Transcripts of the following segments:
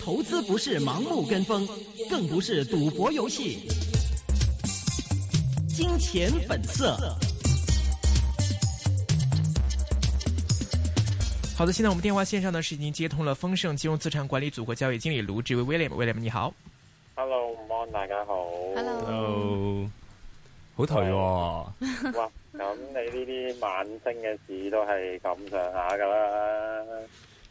投資不是盲目跟風，更不是賭博遊戲。金錢本色。好的，現在我們電話線上呢是已經接通了豐盛金融資產管理組合交易經理盧志威 William，William 你好。Hello，大家好。Hello。好頹。哇，咁你呢啲晚星嘅事都係咁上下噶啦。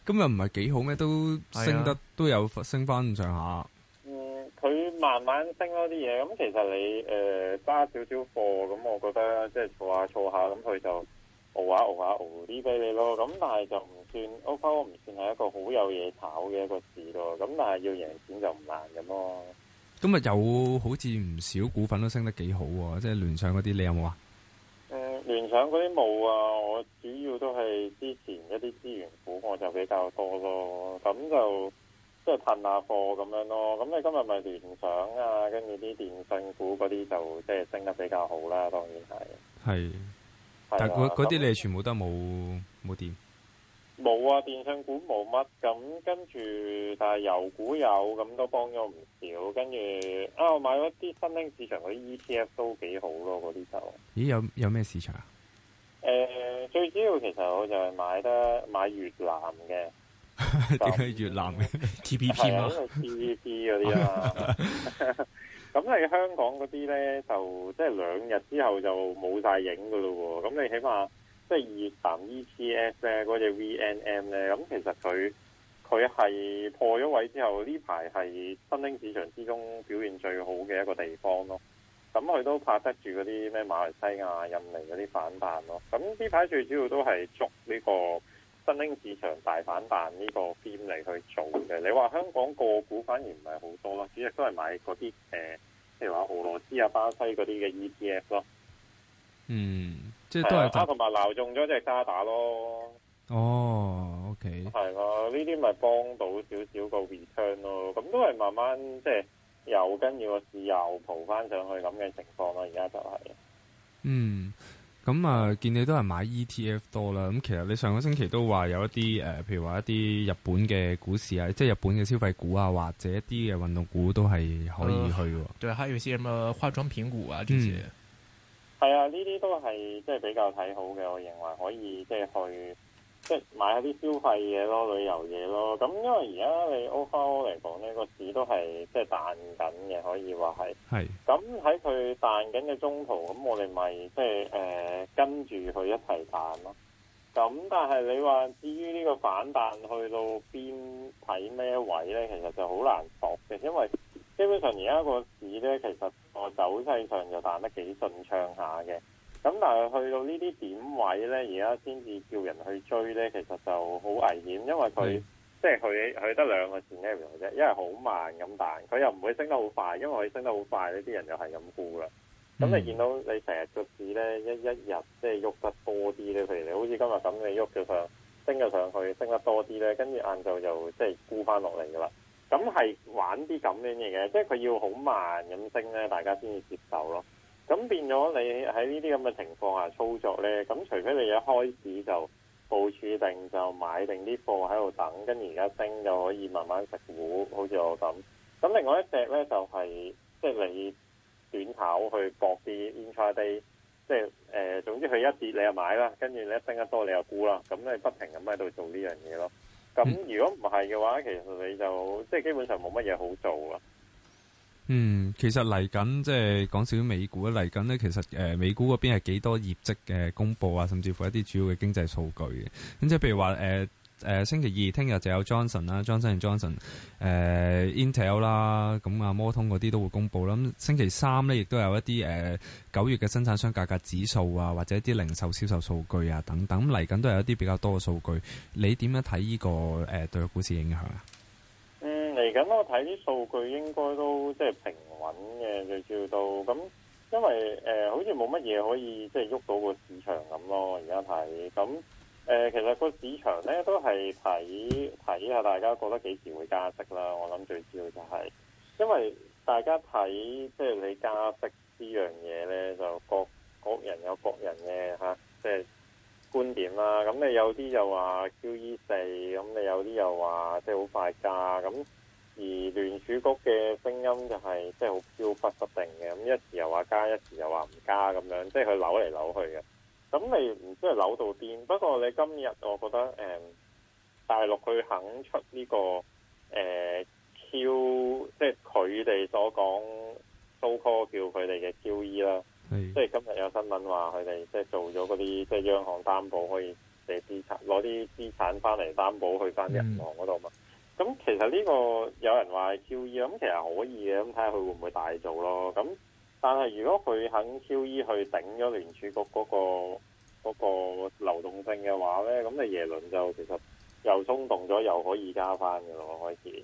今日唔係幾好咩？都升得、啊、都有升翻咁上下。嗯，佢慢慢升咯啲嘢。咁其實你誒揸、呃、少少貨，咁我覺得即係儲下儲下，咁佢就熬下熬下熬啲俾你咯。咁、呃呃呃呃呃呃呃呃、但係就唔算 OK 唔算係一個好有嘢炒嘅一個市咯。咁但係要贏錢就唔難咁咯。今日有好似唔少股份都升得幾好，即係聯上嗰啲，你有冇啊？聯想嗰啲冇啊，我主要都係之前一啲資源股，我就比較多咯。咁就即係噴下貨咁樣咯。咁你今日咪聯想啊，跟住啲電信股嗰啲就即係升得比較好啦、啊。當然係，係是，啊、但係嗰啲你全部都冇冇掂。冇啊，電信股冇乜，咁跟住但係油股有，咁都幫咗唔少。跟住啊，我買咗啲新興市場嗰啲 ETF 都幾好咯，嗰啲就咦有有咩市場啊？誒、呃，最主要其實我就係買得買越南嘅，點解 越南嘅 TPP 啊？TPP 嗰啲啊。咁你 香港嗰啲咧就即係兩日之後就冇晒影噶咯喎，咁你起碼。即係越南 E T F 咧，嗰隻 V N M 咧，咁其實佢佢係破咗位之後，呢排係新興市場之中表現最好嘅一個地方咯。咁佢都拍得住嗰啲咩馬來西亞、印尼嗰啲反彈咯。咁呢排最主要都係捉呢個新興市場大反彈呢個偏嚟去做嘅。你話香港個股反而唔係好多咯，主要都係買嗰啲誒，譬如話俄羅斯啊、巴西嗰啲嘅 E T F 咯。嗯。即係都係加，同埋鬧中咗即係渣打咯。哦，OK，係啦，呢啲咪幫到少少個 return 咯。咁都係慢慢即係油跟住個市油蒲翻上去咁嘅情況啦。而家就係嗯，咁、嗯、啊，見你都係買 ETF 多啦。咁其實你上個星期都話有一啲誒、呃，譬如話一啲日本嘅股市啊，即係日本嘅消費股啊，或者一啲嘅運動股都係可以去嘅、嗯。對，還有一些什麼化妝品股啊這些。嗯係啊，呢啲都係即係比較睇好嘅，我認為可以即係去即係買下啲消費嘢咯，旅遊嘢咯。咁因為而家你歐方嚟講，呢個市都係即係彈緊嘅，可以話係。係是。咁喺佢彈緊嘅中途，咁我哋咪即係誒、呃、跟住佢一齊彈咯。咁但係你話至於呢個反彈去到邊，睇咩位呢？其實就好難度嘅，因為。基本上而家個市咧，其實個走勢上就彈得幾順暢下嘅。咁但係去到呢啲點位咧，而家先至叫人去追咧，其實就好危險，因為佢是即係佢、佢得兩個線 level 啫，因為好慢咁彈，佢又唔會升得好快，因為佢升得好快呢啲人又係咁沽啦。咁、嗯、你見到你成日個市咧一一日即係喐得多啲咧，譬如你好似今日咁，你喐咗上升咗上去，升得多啲咧，跟住晏晝就即係沽翻落嚟噶啦。咁係玩啲咁樣嘢嘅，即係佢要好慢咁升咧，大家先至接受咯。咁變咗你喺呢啲咁嘅情況下操作咧，咁除非你一開始就部署定就買定啲貨喺度等，跟住而家升就可以慢慢食糊，好似我咁。咁另外一隻咧就係、是、即係你短炒去搏啲 intraday，即係誒，總之佢一跌你就買啦，跟住你一升得多你又沽啦，咁你不停咁喺度做呢樣嘢咯。咁如果唔係嘅話，其實你就即係基本上冇乜嘢好做啦。嗯，其實嚟緊即係講少少美股啦，嚟緊咧其實誒、呃，美股嗰邊係幾多業績嘅公布啊，甚至乎一啲主要嘅經濟數據嘅，咁即係譬如話誒。呃誒、呃，星期二聽日就有 Johnson 啦，Johnson & Johnson，誒、呃，Intel 啦，啊，咁啊摩通嗰啲都會公布啦。咁、嗯、星期三咧，亦都有一啲誒九月嘅生產商價格指數啊，或者一啲零售銷售數據啊等等，嚟緊都有一啲比較多嘅數據。你點樣睇呢個誒、呃、對個股市影響啊？嗯，嚟緊我睇啲數據應該都即係平穩嘅，就叫到咁，因為誒、呃、好似冇乜嘢可以即係喐到個市場咁咯。而家睇咁。誒、呃，其實個市場咧都係睇睇下大家覺得幾時會加息啦。我諗最主要就係，因為大家睇即係你加息呢樣嘢咧，就各各人有各人嘅嚇，即係、就是、觀點啦。咁你有啲又話 QE 四，咁你有啲又話即係好快加。咁而聯儲局嘅聲音就係、是、即係好飄忽不定嘅。咁一時又話加，一時又話唔加，咁樣即係佢扭嚟扭去嘅。咁你唔知係扭到邊？不過你今日我覺得誒、嗯，大陸佢肯出呢、這個誒、呃、Q，即係佢哋所講 so call 叫佢哋嘅 QE 啦。即係今日有新聞話佢哋即係做咗嗰啲即係央行擔保，可以借資產攞啲資產翻嚟擔保去翻銀行嗰度嘛。咁、嗯、其實呢個有人話係 QE 咁，其實可以嘅。咁睇下佢會唔會大做咯？咁。但係如果佢肯 QE 去頂咗聯儲局嗰個嗰個流動性嘅話咧，咁你耶倫就其實又鬆動咗，又可以加翻嘅咯，開始。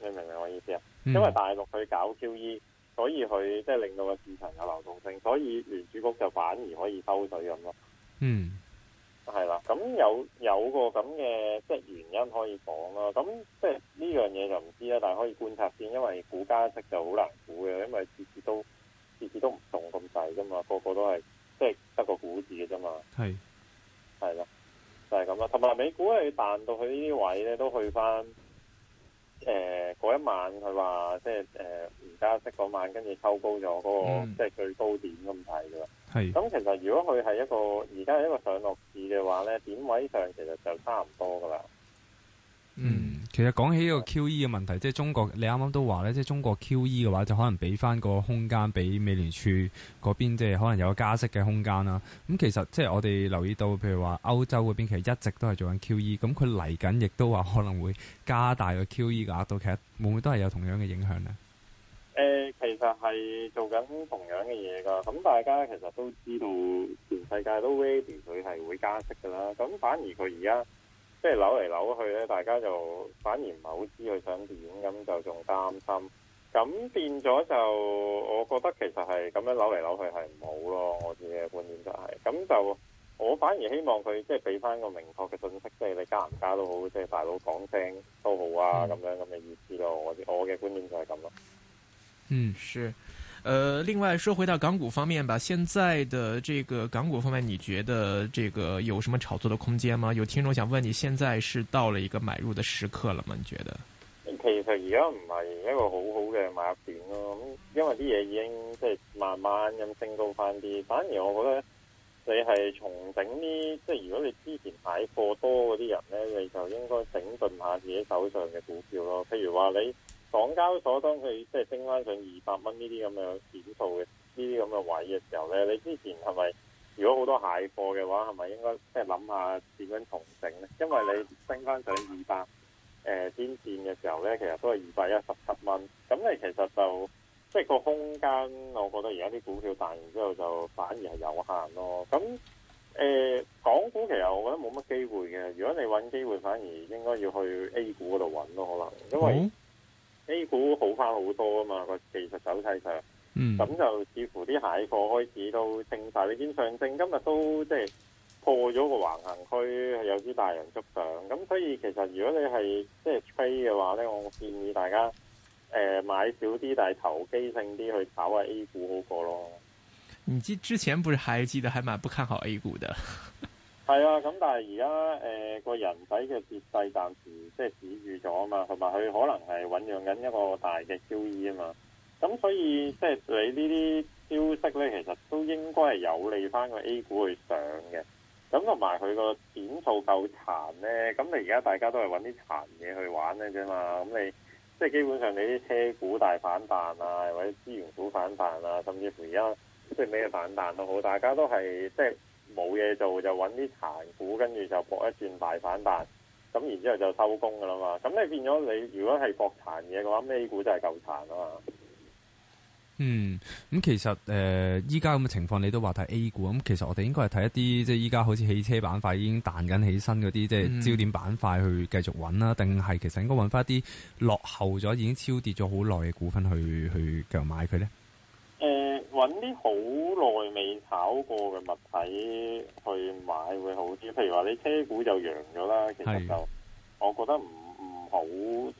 你明唔明我意思啊？嗯、因為大陸去搞 QE，所以佢即係令到個市場有流動性，所以聯儲局就反而可以收水咁咯。嗯，係啦。咁有有個咁嘅即係原因可以講啦。咁即係呢樣嘢就唔知啦，但係可以觀察先。因為估加息就好難估嘅，因為次次都～次次都唔同咁細啫嘛，個個都係即係得個股字嘅啫嘛。係是，係咯，就係咁啦。同埋美股係彈到佢呢啲位咧，都去翻誒嗰一晚佢話即係誒唔加息嗰晚，跟住收高咗嗰、那個、嗯、即係最高點咁睇噶啦。係是。咁其實如果佢係一個而家係一個上落市嘅話咧，點位上其實就差唔多噶啦。嗯。嗯。其實講起呢個 QE 嘅問題，即係中國，你啱啱都話咧，即係中國 QE 嘅話，就可能俾翻個空間俾美聯儲嗰邊，即係可能有個加息嘅空間啦。咁、嗯、其實即係我哋留意到，譬如話歐洲嗰邊，其實一直都係做緊 QE，咁佢嚟緊，亦都話可能會加大個 QE 嘅額度，其實會唔會都係有同樣嘅影響呢？誒、呃，其實係做緊同樣嘅嘢噶，咁、嗯、大家其實都知道，全世界都 ready 佢係會加息噶啦。咁、嗯嗯嗯、反而佢而家。即係扭嚟扭去咧，大家就反而唔係好知佢想點，咁就仲擔心。咁變咗就，我覺得其實係咁樣扭嚟扭去係唔好咯。我自己嘅觀點就係、是、咁就，我反而希望佢即係俾翻個明確嘅信息，即係你加唔加都好，即係大佬講聲都好啊，咁、嗯、樣咁嘅意思咯。我我嘅觀點就係咁咯。嗯，是。呃，另外說回到港股方面吧，現在的這個港股方面，你覺得這個有什麼炒作的空間嗎？有聽眾想問，你現在是到了一個買入的時刻了嗎？你覺得？其實而家唔係一個好好嘅買入點咯，咁因為啲嘢已經即係慢慢咁升高翻啲，反而我覺得你係重整啲，即係如果你之前買過多嗰啲人呢，你就應該整頓下自己手上嘅股票咯，譬如話你。港交所當佢即係升翻上二百蚊呢啲咁嘅點數嘅呢啲咁嘅位嘅時候咧，你之前係咪如果好多蟹貨嘅話，係咪應該即係諗下點樣重整咧？因為你升翻上二百誒天線嘅時候咧，其實都係二百一十七蚊。咁你其實就即係、就是、個空間，我覺得而家啲股票彈完之後就反而係有限咯。咁誒、呃，港股其實我覺得冇乜機會嘅。如果你搵機會，反而應該要去 A 股嗰度搵咯，可能因為。A 股好翻好多啊嘛，個技術走勢上，咁、嗯、就似乎啲蟹貨開始都升晒，你見上升，今日都即係破咗個橫行區，有啲大人捉上，咁所以其實如果你係即係吹嘅話咧，我建議大家誒、呃、買少啲，但係投機性啲去炒下 A 股好過咯。你知之前不是還記得還蠻不看好 A 股的。 係啊，咁但係而家誒個人仔嘅跌勢暫時即係止住咗啊嘛，同埋佢可能係醖釀緊一個大嘅 QE 啊嘛，咁所以即係你呢啲消息咧，其實都應該係有利翻個 A 股去上嘅，咁同埋佢個點數夠殘咧，咁你而家大家都係揾啲殘嘢去玩咧啫嘛，咁你即係基本上你啲車股大反彈啊，或者資源股反彈啊，甚至乎而家即係咩反彈都好，大家都係即係。冇嘢做就揾啲殘股，跟住就搏一轉大反彈，咁然之後就收工噶啦嘛。咁你變咗你如果係搏殘嘢嘅話，A 股就係夠殘啊嘛。嗯，咁、嗯、其實誒依家咁嘅情況，你都話睇 A 股咁、嗯、其實我哋應該係睇一啲即係依家好似汽車板塊已經彈緊起身嗰啲，嗯、即係焦點板塊去繼續揾啦。定係其實應該揾翻啲落後咗已經超跌咗好耐嘅股份去去繼續買佢咧？揾啲好耐未炒過嘅物體去買會好啲，譬如話你車股就揚咗啦，其實就我覺得唔唔好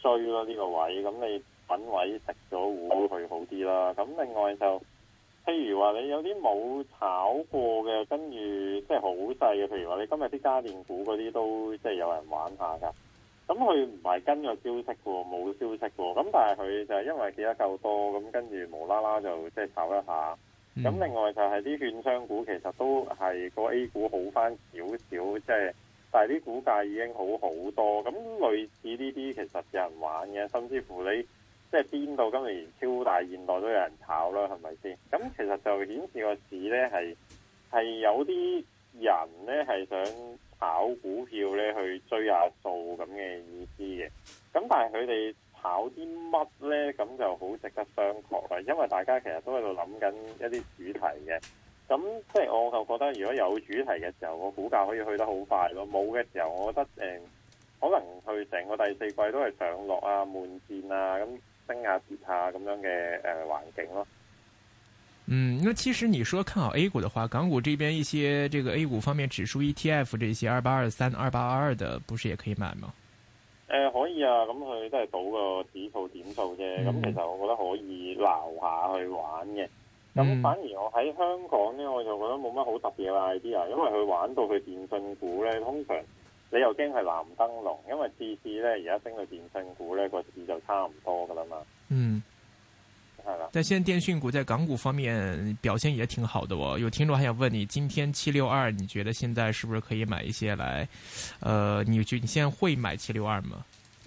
追咯呢個位，咁你揾位食咗會好去好啲啦。咁另外就譬如話你有啲冇炒過嘅，跟住即係好細嘅，譬如話你今日啲家電股嗰啲都即係有人玩下㗎。咁佢唔係跟個消息喎，冇消息喎，咁但係佢就係因為記得夠多，咁跟住無啦啦就即係炒一下。咁、嗯、另外就係啲券商股，其實都係個 A 股好翻少少，即係但係啲股價已經好好多。咁類似呢啲其實有人玩嘅，甚至乎你即係邊度今年超大現代都有人炒啦，係咪先？咁其實就顯示個市呢係係有啲，人咧，係想炒股票咧，去追下數咁嘅意思嘅，咁但係佢哋炒啲乜咧？咁就好值得商榷啦。因為大家其實都喺度諗緊一啲主題嘅，咁即係我就覺得如果有主題嘅時候，個股價可以去得好快咯；冇嘅時候，我覺得誒、呃，可能佢成個第四季都係上落啊、悶戰啊、咁升下跌下咁樣嘅誒環境咯。嗯，那其實你說看好 A 股的話，港股這邊一些這個 A 股方面指數 ETF 這些二八二三、二八二二的，不是也可以買嗎？誒、呃，可以啊，咁佢都係賭個指數點數啫，咁其實我覺得可以留下去玩嘅。咁反而我喺香港呢，我就覺得冇乜好特別嘅 idea，因為佢玩到佢電信股呢，通常你又驚係藍燈籠，因為次次呢，而家升到電信股呢，個字就差唔多噶啦嘛。嗯。但係現在電訊股在港股方面表現也挺好的哦。有聽眾還想問你，今天七六二你覺得現在是不是可以買一些來？呃，你覺你現在會買七六二嗎？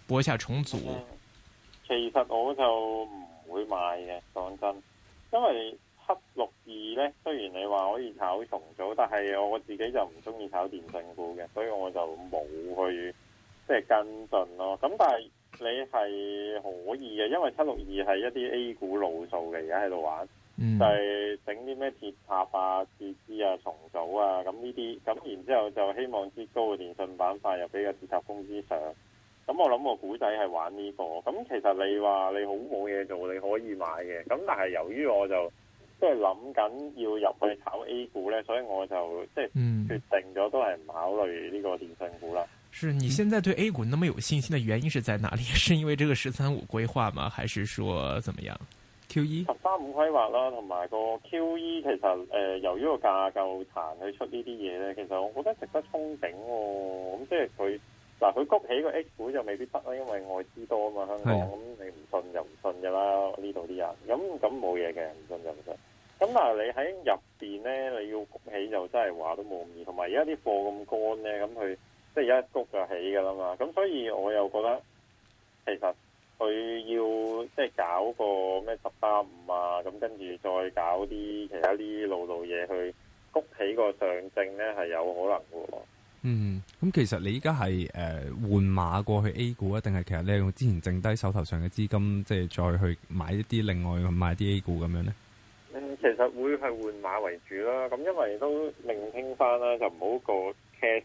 搏一下重組。嗯。其實我就唔會買嘅，講真，因為七六二咧，雖然你話可以炒重組，但係我自己就唔中意炒電信股嘅，所以我就冇去即係跟進咯。咁但係。你係可以嘅，因為七六二係一啲 A 股老數嘅，而家喺度玩，嗯、就係整啲咩鐵塔啊、設資啊、重組啊，咁呢啲，咁然之後就希望接高嘅電信板塊又俾個鐵塔公司上，咁我諗我股仔係玩呢個，咁其實你話你好冇嘢做，你可以買嘅，咁但係由於我就即係諗緊要入去炒 A 股咧，所以我就即係決定咗都係唔考慮呢個電信股啦。嗯嗯。是你現在對 A 股那麼有信心的原因是在哪裏？是因為這個十三五規劃嗎？還是說怎麼樣？QE 十三五規劃啦，同埋個 QE 其實誒，由於個架構殘去出呢啲嘢咧，其實我覺得值得衝頂。咁即係佢嗱，佢谷起個 H 股就未必得啦，因為外資多啊嘛，香港咁你唔信就唔信噶啦。呢度啲人咁咁冇嘢嘅，唔信就唔信。咁嗱，你喺入邊咧，你要谷起就真係話都冇咁易。同埋而家啲貨咁乾咧，咁佢。Alors, 即係一谷就起噶啦嘛，咁所以我又覺得其實佢要即係搞個咩十三五啊，咁跟住再搞啲其他啲路路嘢去谷起個上證咧，係有可能嘅。嗯，咁其實你依家係誒換馬過去 A 股啊，定係其實你用之前剩低手頭上嘅資金，即係再去買一啲另外買啲 A 股咁樣咧？嗯，其實會係換馬為主啦，咁因為都聆聽翻啦，就唔好過。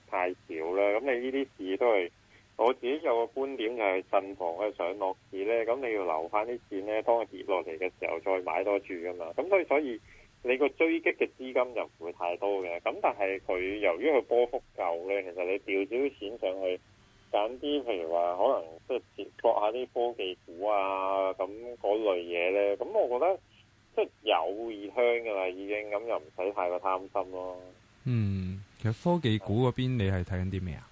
太少啦。咁你呢啲市都係我自己有個觀點就係震盪嘅上落市咧，咁你要留翻啲錢咧，當佢跌落嚟嘅時候再買多住噶嘛。咁所以所以你個追擊嘅資金就唔會太多嘅。咁但係佢由於佢波幅夠咧，其實你調少啲錢上去，揀啲譬如話可能即係博下啲科技股啊，咁嗰類嘢咧，咁我覺得即係有意聽噶啦，已經咁又唔使太過貪心咯。嗯，其實科技股嗰邊你係睇緊啲咩啊？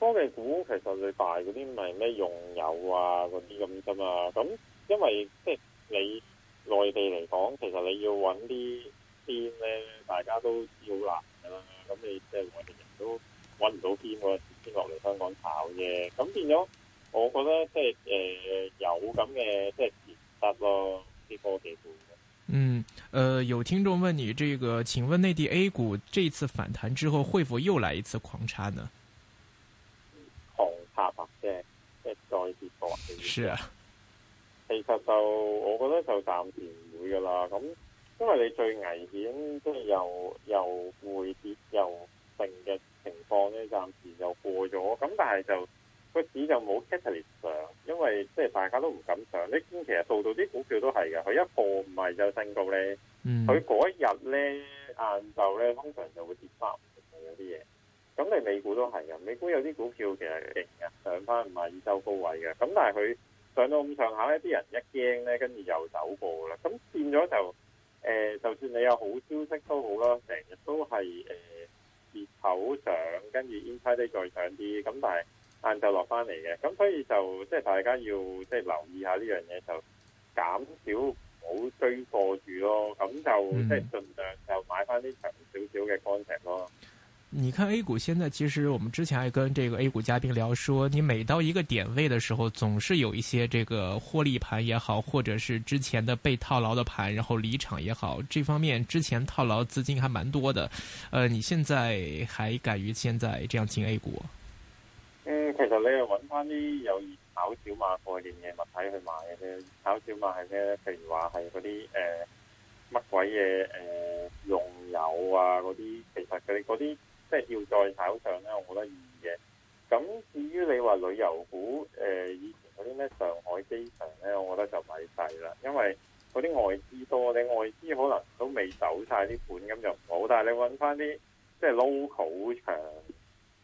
科技股其實最大嗰啲咪咩用友啊嗰啲咁啫嘛，咁因為即係你內地嚟講，其實你要揾啲邊咧，大家都要難噶啦。咁你即係外地人都揾唔到邊個先落嚟香港炒嘅，咁變咗我覺得即係誒、呃、有咁嘅即係值得咯啲科技股。嗯。呃，有聽眾問你，這個，請問內地 A 股這次反彈之後，會否又來一次狂插呢？狂插啊，即係再跌落去。係啊，其實就我覺得就暫時唔會㗎喇。咁因為你最危險，即係又又跌又成嘅情況咧，暫時又過咗。咁但係就個市就冇因為即係大家都唔敢上，你其實到到啲股票都係嘅，佢一破唔係就升高咧，佢嗰日咧晏晝咧通常就會跌翻嘅有啲嘢。咁你美股都係嘅，美股有啲股票其實勁日上翻唔係二周高位嘅。咁但係佢上到咁上下咧，啲人一驚咧，跟住又走過啦。咁、嗯、變咗就誒、呃，就算你有好消息好都好啦，成日都係誒熱炒上，跟住 intraday 再上啲。咁但係，晏晝落翻嚟嘅，咁所以就即係大家要即係留意下呢樣嘢，就減少冇追貨住咯。咁就即係盡量就買翻啲長少少嘅工程咯。你看 A 股現在，其實我們之前還跟這個 A 股嘉賓聊說，說你每到一個點位嘅時候，總是有一些這個獲利盤也好，或者是之前的被套牢的盤，然後離場也好，這方面之前套牢資金還蠻多的。呃，你現在還敢於現在這樣進 A 股？啲有熱炒小碼概念嘅物體去買嘅咧，熱炒小碼係咩咧？譬如話係嗰啲誒乜鬼嘢誒用油啊嗰啲，其實佢嗰啲即係要再炒上咧，我覺得意義嘅。咁至於你話旅遊股誒、呃、以前嗰啲咩上海機場咧，我覺得就買曬啦，因為嗰啲外資多咧，你外資可能都未走晒啲盤，咁就唔好。但係你揾翻啲即係 local 場。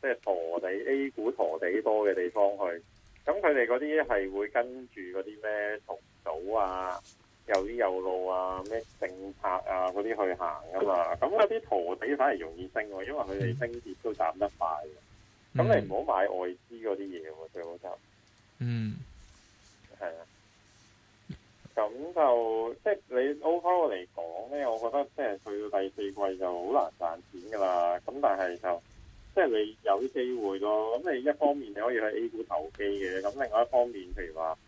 即係陀地 A 股陀地多嘅地方去，咁佢哋嗰啲係會跟住嗰啲咩重組啊、有啲有路啊、咩政策啊嗰啲去行噶嘛。咁嗰啲陀地反而容易升，因為佢哋升跌都賺得快。咁你唔好買外資嗰啲嘢喎，最好就是。嗯。係啊。咁就即係你 overall 嚟講咧，我覺得即係去到第四季就好難賺錢噶啦。咁但係就。即係你有啲機會咯，咁你一方面你可以去 A 股投機嘅，咁另外一方面譬如話，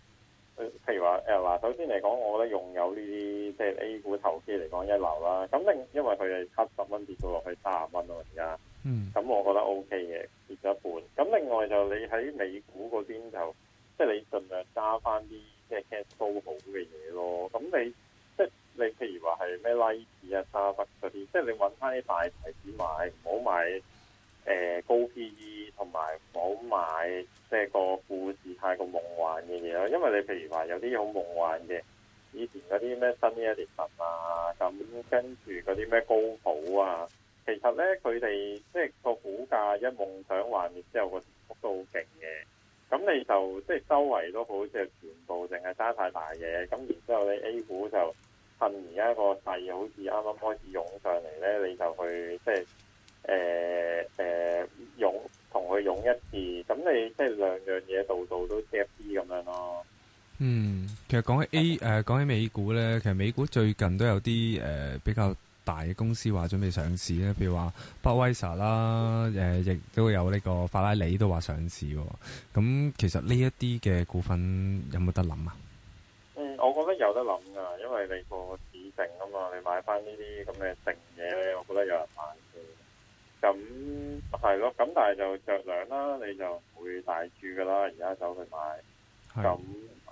譬如話誒，嗱、呃、首先嚟講，我覺得擁有呢啲即係 A 股投機嚟講一流啦。咁另因為佢係七十蚊跌到落去三十蚊咯，而家、啊，嗯，咁我覺得 O K 嘅，跌咗一半。咁另外就你喺美股嗰邊就，即係你盡量加翻啲即係 cash flow 都好嘅嘢咯。咁你即係你譬如話係咩 Nike 啊、沙弗嗰啲，即係你揾翻啲大牌子買，唔好買。誒高 PE 同埋唔好買，即係個故事太過夢幻嘅嘢咯。因為你譬如話有啲好夢幻嘅以前嗰啲咩新一聯行啊，咁跟住嗰啲咩高普啊，其實咧佢哋即係個股價一夢想幻滅之後，個跌幅都好勁嘅。咁你就即係周圍都好似全部淨係揸太大嘢，咁然之後你 A 股就趁而家個勢好似啱啱開始湧上嚟咧，你就去即係。誒誒，涌同佢用一次，咁你即係兩樣嘢度度都貼一啲咁樣咯。嗯，其實講起 A 誒、嗯，講、呃、起美股咧，其實美股最近都有啲誒、呃、比較大嘅公司話準備上市咧，譬如話博威莎啦，誒、呃、亦都有呢個法拉利都話上市。咁其實呢一啲嘅股份有冇得諗啊？嗯，我覺得有得諗噶，因為你個市淨啊嘛，你買翻呢啲咁嘅淨嘢，我覺得有人買。咁係咯，咁但係就着量啦，你就唔會大注噶啦。而家走去買，咁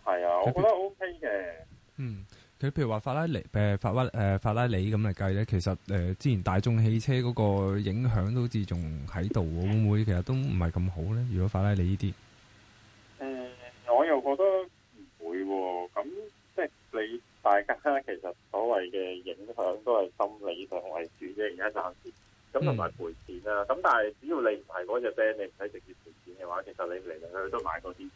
係啊，我覺得 O K 嘅。嗯，佢譬如話法拉利誒、呃，法屈誒、呃，法拉利咁嚟計咧，其實誒、呃，之前大眾汽車嗰個影響都好似仲喺度，的會唔會其實都唔係咁好咧？如果法拉利呢啲，誒、呃，我又覺得唔會，咁即係你大家其實所謂嘅影響都係心理上為主啫，而家暫時。咁同埋賠錢啦、啊，咁但係只要你唔係嗰隻 band，你唔使直接賠錢嘅話，其實你嚟嚟去去都買嗰啲。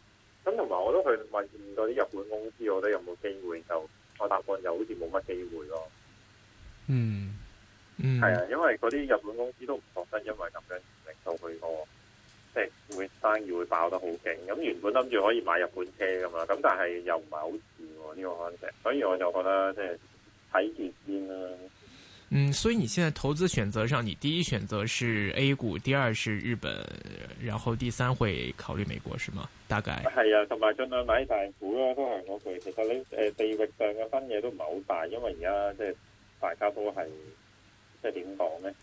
咁同埋我都去問過啲日本公司，我覺得有冇機會就我答案又好似冇乜機會咯、嗯。嗯，係啊，因為嗰啲日本公司都唔覺得因為咁樣令到佢個即係會生意會爆得好勁。咁原本諗住可以買日本車噶嘛，咁但係又唔係好似呢個 case 所以我就覺得即係睇住先啦。就是嗯，所以你現在投資選擇上，你第一選擇是 A 股，第二是日本，然後第三會考慮美國，是嗎？大概係啊，同埋盡量買大股咯，都係我佢。其實你誒、呃，地域上嘅分野都唔係好大，因為而家即係大家都係即係點講咧，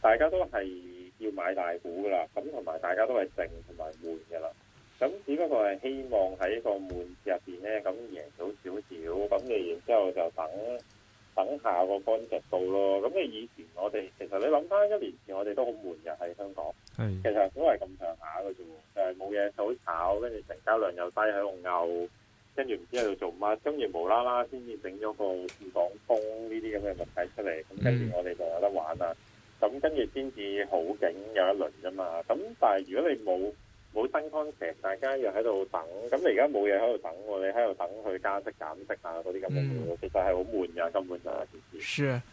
大家都係要買大股噶啦。咁同埋大家都係靜同埋悶噶啦。咁、嗯、只不過係希望喺個悶入邊咧，咁贏到少，少少，咁、嗯、然之後就等。等下個觀察度咯，咁你以前我哋其實你諗翻一年前我哋都好悶嘅喺香港，其實都係咁上下嘅啫，誒冇嘢好炒，跟住成交量又低喺龍牛，跟住唔知喺度做乜，跟住無啦啦先至整咗個斷港通呢啲咁嘅問題出嚟，咁跟住我哋就有得玩啦，咁跟住先至好景有一輪啫嘛，咁但係如果你冇。冇新康期，大家又喺度等，咁你而家冇嘢喺度等，你喺度等佢加息減息啊嗰啲咁嘅嘢，嗯、其實係好悶㗎，根本就係件事。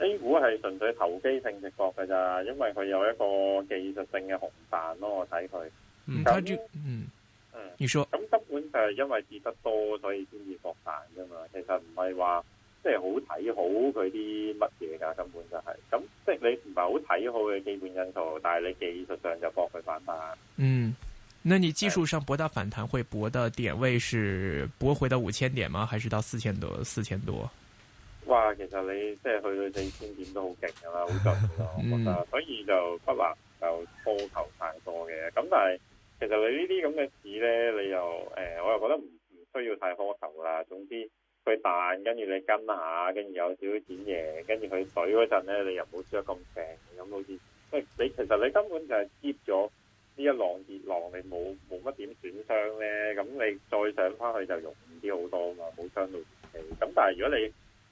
A 股係純粹投機性直貨嘅咋，因為佢有一個技術性嘅紅彈咯，我睇佢。咁嗯嗯，嗯嗯你說咁、嗯、根本就係因為跌得多，所以先至博彈噶嘛。其實唔係話即係好睇好佢啲乜嘢噶，根本就係咁。即係你唔係好睇好嘅基本因素，但係你技術上就博佢反彈。嗯，那你技術上博到反彈，會搏到點位是博回到五千點嗎？還是到四千多？四千多？哇！其實你即係去到四千點都好勁㗎啦，好震㗎啦，我覺得， 所以就不話就苛求太多嘅。咁但係其實你這這呢啲咁嘅事咧，你又誒、呃，我又覺得唔唔需要太苛求啦。總之佢彈，跟住你跟下，跟住有少少剪嘢，跟住佢水嗰陣咧，你又冇輸得咁平咁，好似即係你其實你根本就係接咗呢一浪跌浪，你冇冇乜點損傷咧，咁你再上翻去就容易啲好多啊嘛，冇傷到自己。咁但係如果你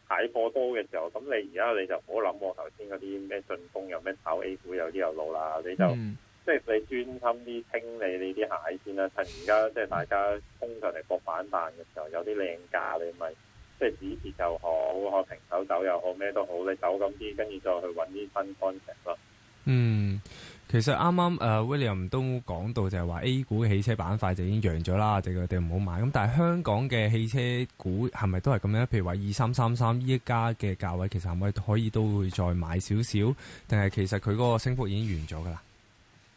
蟹貨多嘅時候，咁你而家你就唔好諗喎。頭先嗰啲咩進攻，有咩炒 A 股，有啲又老啦。你就、嗯、即係你專心啲清理你啲蟹先啦。趁而家即係大家衝上嚟搏反彈嘅時候，有啲靚價，你咪即係止蝕就好，嚇平手走又好，咩都好，你走咁啲，跟住再去揾啲新 concept 咯。嗯，其實啱啱誒 William 都講到就係話 A 股嘅汽車板塊就已經揚咗啦，就係佢哋唔好買。咁但係香港嘅汽車股係咪都係咁樣？譬如話二三三三依一家嘅價位，其實可唔可以都會再買少少，定係其實佢嗰個升幅已經完咗噶啦？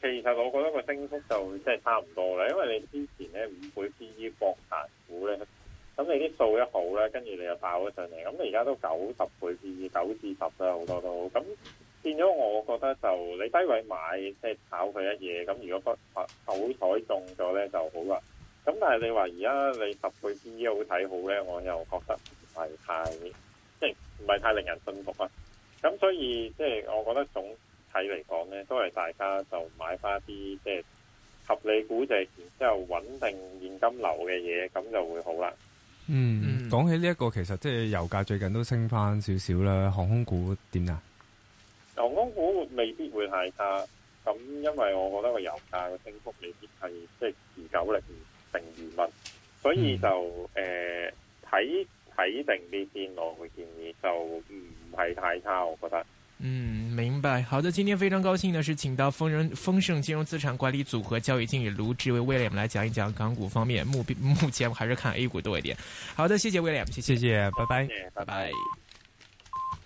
其實我覺得個升幅就即係差唔多啦，因為你之前咧五倍 P E 國產股咧，咁你啲數一好咧，跟住你又爆咗上嚟，咁而家都九十倍 P E，九至十都有好多都咁。變咗，我覺得就你低位買，即係炒佢一嘢。咁如果不好彩中咗咧，就好啦。咁但係你話而家你十倍 B 好睇好咧，我又覺得唔係太即係唔係太令人信服啊。咁所以即係我覺得總體嚟講咧，都係大家就買翻啲即係合理估值，然之後穩定現金流嘅嘢，咁就會好啦。嗯，嗯，講起呢一個，其實即係油價最近都升翻少少啦。航空股點啊？港股未必會太差，咁因為我覺得個油價嘅升幅未必係即係持久力成疑問，所以就誒睇睇定啲先，我會建議，就唔係太差，我覺得。嗯，明白。好的，今天非常高興呢，是請到豐人豐盛金融資產管理組合交易經理盧志威 William 來講一講港股方面，目目前我還是看 A 股多一點。好的，謝謝 William，謝謝，拜拜，拜拜。